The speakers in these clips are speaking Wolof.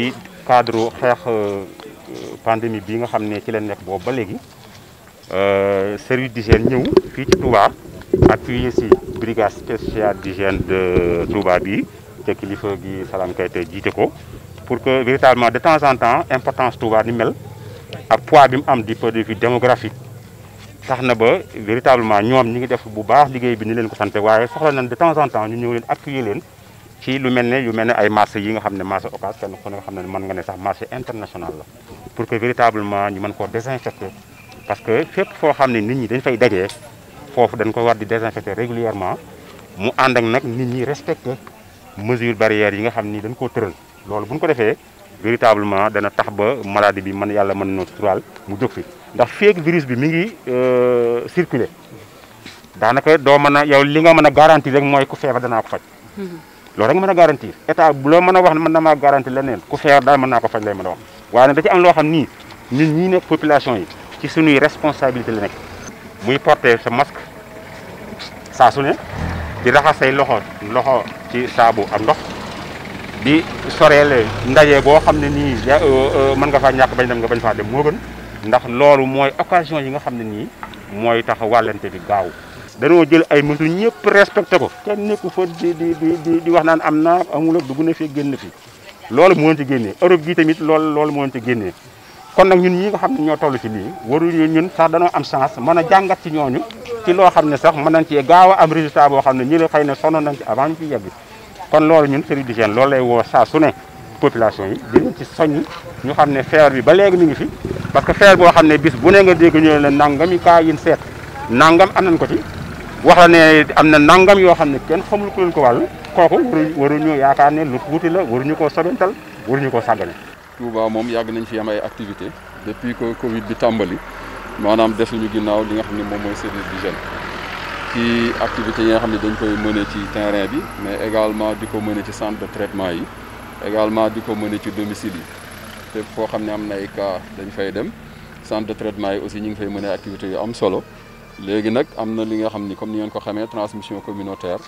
ci cadre xex euh, pandémie bi nga xamné ci la nek bobu ba euh service d'hygiène ñëw fi ci Touba appuyé ci brigade spéciale d'hygiène de Touba bi té kilifa gi Salam Keita jité ko pour que véritablement de temps en temps importance Touba ni mel ak poids bi mu am di point de vue démographique tax ba véritablement ñom ñi ngi def bu baax liggéey bi ni leen ko santé waaye soxla nañ de temps en temps ñu ñëw leen appuyer leen ci lu mel ne yu mel ne ay marché yi nga xam ne marché Ocass kenn ku ne nga xam ne mën nga ne sax marché international la pour que véritablement ñu mën koo désinfecter parce que fépp foo xam ne nit ñi dañ fay dajee foofu dañ ko war di désinfecter régulièrement mu ànd ak nag nit ñi respecter mesure barrière yi nga xam ni dañ koo tëral loolu bu ñu ko defee véritablement dana tax ba maladie bi man yàlla mën noo tural mu jóg fi ndax feek virus bi mi ngi euh, circuler daanaka doo mën a yow li nga mën a garantie rek mooy ku feebar danaa ko faj mm-hmm. loolu rek mën a garantir état buloo mën a wax ne mën na maa garantir leneen ku feer daal mën naa ko faj lay mën a wax waaye nag da ci am loo xam nii ñun ñii nekk population yi ci suñuy responsabilité la nekk muy porter sa masque saa su di raxas say loxo loxo ci saabu ak ndox di soreele ndaje boo xam ne nii euh, euh, mën nga fa ñàkk bañ dem nga bañ faa dem moo ndax loolu mooy occasion yi nga xam ne nii mooy tax wàllante bi gaaw danoo jël ay mesures ñëpp respecté ko kenn nekku fa di di di di wax am naa amul ak dugg na fi génn fi loolu moo ci génnee Europe gi tamit loolu loolu moo ci génnee kon nag ñun ñi nga xam ne ñoo toll ci lii waruñu ñun sax danoo am chance mën a jàngat ci ñooñu ci loo xam ne sax mën nañ cee gaaw a am résultat boo xam ne ñi la xëy na sonn nañ ci avant ñu ci yegg kon loolu ñun service d'hygiène loolu lay woo saa su ne population yi dinañ ci soññ ñu xam ne feebar bi ba léegi mi ngi fi parce que feebar boo xam ne bis bu ne nga dégg ñu la nangami kaa yin seet nangam am nañ ko ci wax ne am na nangam yoo xam ne kenn xamul ku leen ko wàll kooku waru ñu yaakaar ne lu tuuti la waruñu koo sobental waruñu koo sàggane Touba moom yàgg nañ fi am ay activité depuis que Covid bi tàmbali maanaam desuñu ginnaaw li nga xam ne moom mooy service d'hygiène ki activité yi nga xam ne dañ koy mëne ci terrain bi mais également di ko mëne ci centre de traitement yi également di ko mëne ci domicile yi te foo xam ne am na ay cas dañ fay dem centre de traitement yi aussi ñu ngi fay mëne activité yu am solo légui nak amna li nga xamni comme ni ngeen ko xamé transmission communautaire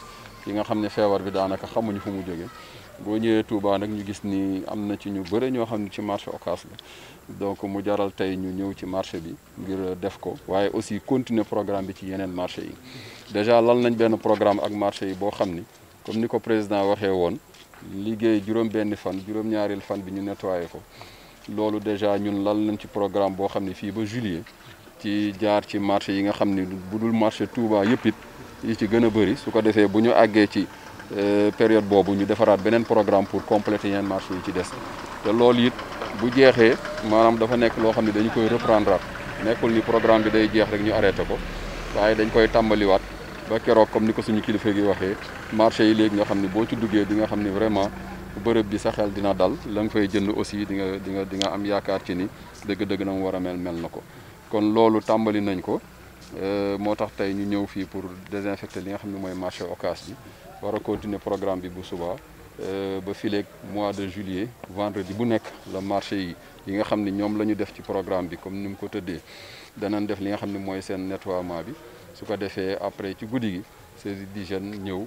yi nga xamni fièvre feebar bi daanaka xamuñu fu mu joggé bo ñëwé Touba nak ñu gis ni amna ci ñu bëre ño xamni ci marché Ocass la donc mu jaral tay ñu ñëw ci marché bi ngir def ko waye aussi continuer programme bi ci yenen marché yi déjà lal nañ benn programme ak marché yi bo xamni comme ni ko président waxé won liggéey benn fan juróom-ñaareel fan bi ñu nettoyé ko loolu déjà ñun lal nañ ci programme bo xamni fi ba juillet ci jaar ci marché yi nga xam ni bu dul marché Touba yëpp it yi ci gën a bëri su ko defee bu ñu àggee ci euh, période boobu ñu defaraat beneen programme pour compléter yeneen marché yi ci des te loolu it bu jeexee maanaam dafa nekk loo xam ne dañu koy reprendre nekkul ni programme bi day jeex rek ñu arrêté ko waaye dañ koy tàmbaliwaat ba keroog comme ni ko suñu kilifa gi waxee marché yi léegi nga xam ne boo ci duggee di nga xam ne vraiment bërëb bi sa xel dina dal la nga fay jënd aussi di nga di nga di nga am yaakaar ni dëgg-dëgg na mu war mel mel na ko kon loolu tàmbali nañ ko euh, moo tax tey ñu ñëw fii pour désinfecter li nga xam ne mooy marché Ocass bi war a continuer programme bi bu suba euh, ba fileeg mois de juillet vendredi bu nekk la marché yi yi nga xam ne ñoom la ñu def ci programme bi comme ni mu ko tëddee danañ def li nga xam ne mooy seen nettoiement bi su ko defee après ci guddi gi service hygiène ñëw